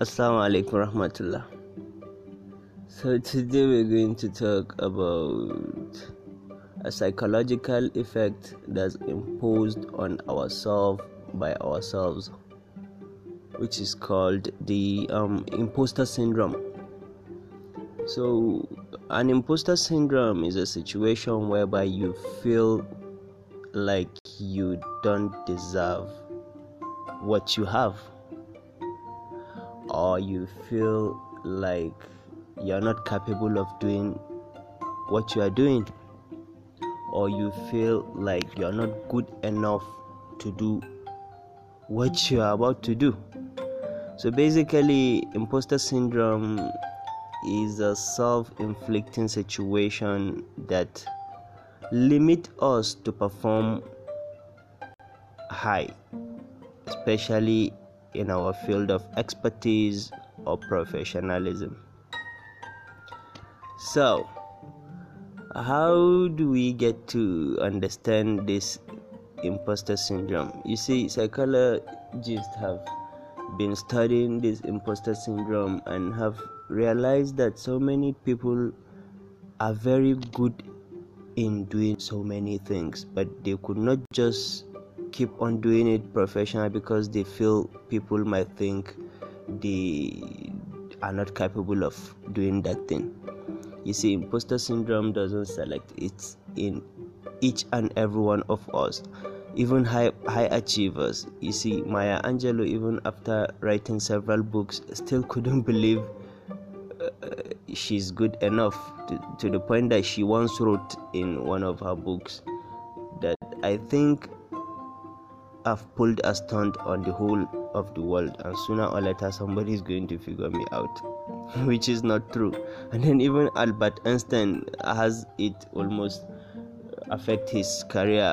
Assalamu alaikum rahmatullah. So, today we're going to talk about a psychological effect that's imposed on ourselves by ourselves, which is called the um, imposter syndrome. So, an imposter syndrome is a situation whereby you feel like you don't deserve what you have or you feel like you're not capable of doing what you are doing or you feel like you're not good enough to do what you are about to do so basically imposter syndrome is a self-inflicting situation that limits us to perform high especially in our field of expertise or professionalism. So, how do we get to understand this imposter syndrome? You see, psychologists have been studying this imposter syndrome and have realized that so many people are very good in doing so many things, but they could not just keep on doing it professional because they feel people might think they are not capable of doing that thing. You see, imposter syndrome doesn't select, it's in each and every one of us, even high, high achievers. You see, Maya Angelou, even after writing several books, still couldn't believe uh, she's good enough to, to the point that she once wrote in one of her books that I think have pulled a stunt on the whole of the world, and sooner or later somebody is going to figure me out, which is not true. And then even Albert Einstein has it almost affect his career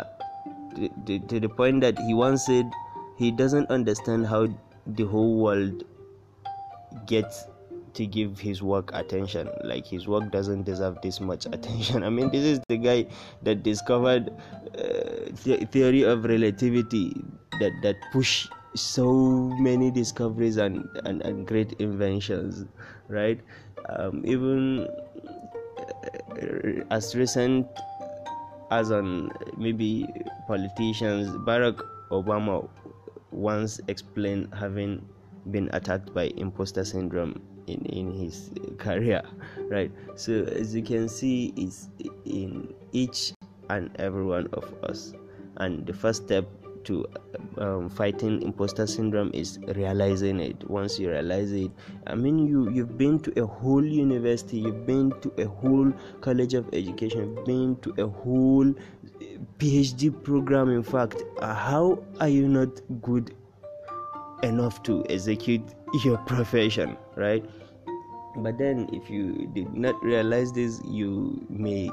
to, to, to the point that he once said he doesn't understand how the whole world gets to give his work attention. Like his work doesn't deserve this much attention. I mean, this is the guy that discovered uh, the theory of relativity that that push so many discoveries and, and, and great inventions, right? Um, even uh, as recent as on maybe politicians, Barack Obama once explained having been attacked by imposter syndrome in, in his career right so as you can see it's in each and every one of us and the first step to um, fighting imposter syndrome is realizing it once you realize it i mean you you've been to a whole university you've been to a whole college of education you've been to a whole phd program in fact how are you not good enough to execute your profession, right? But then, if you did not realize this, you may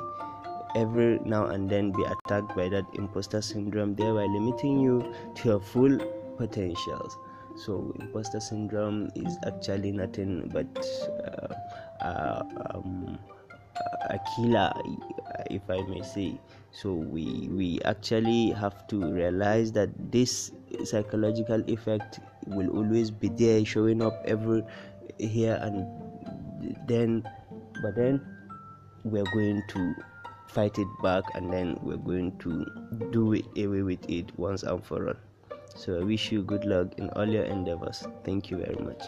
every now and then be attacked by that imposter syndrome, thereby limiting you to your full potentials. So, imposter syndrome is actually nothing but uh, uh, um, a killer, if I may say. So, we, we actually have to realize that this psychological effect will always be there showing up every here and then but then we're going to fight it back and then we're going to do it away with it once and for all so i wish you good luck in all your endeavors thank you very much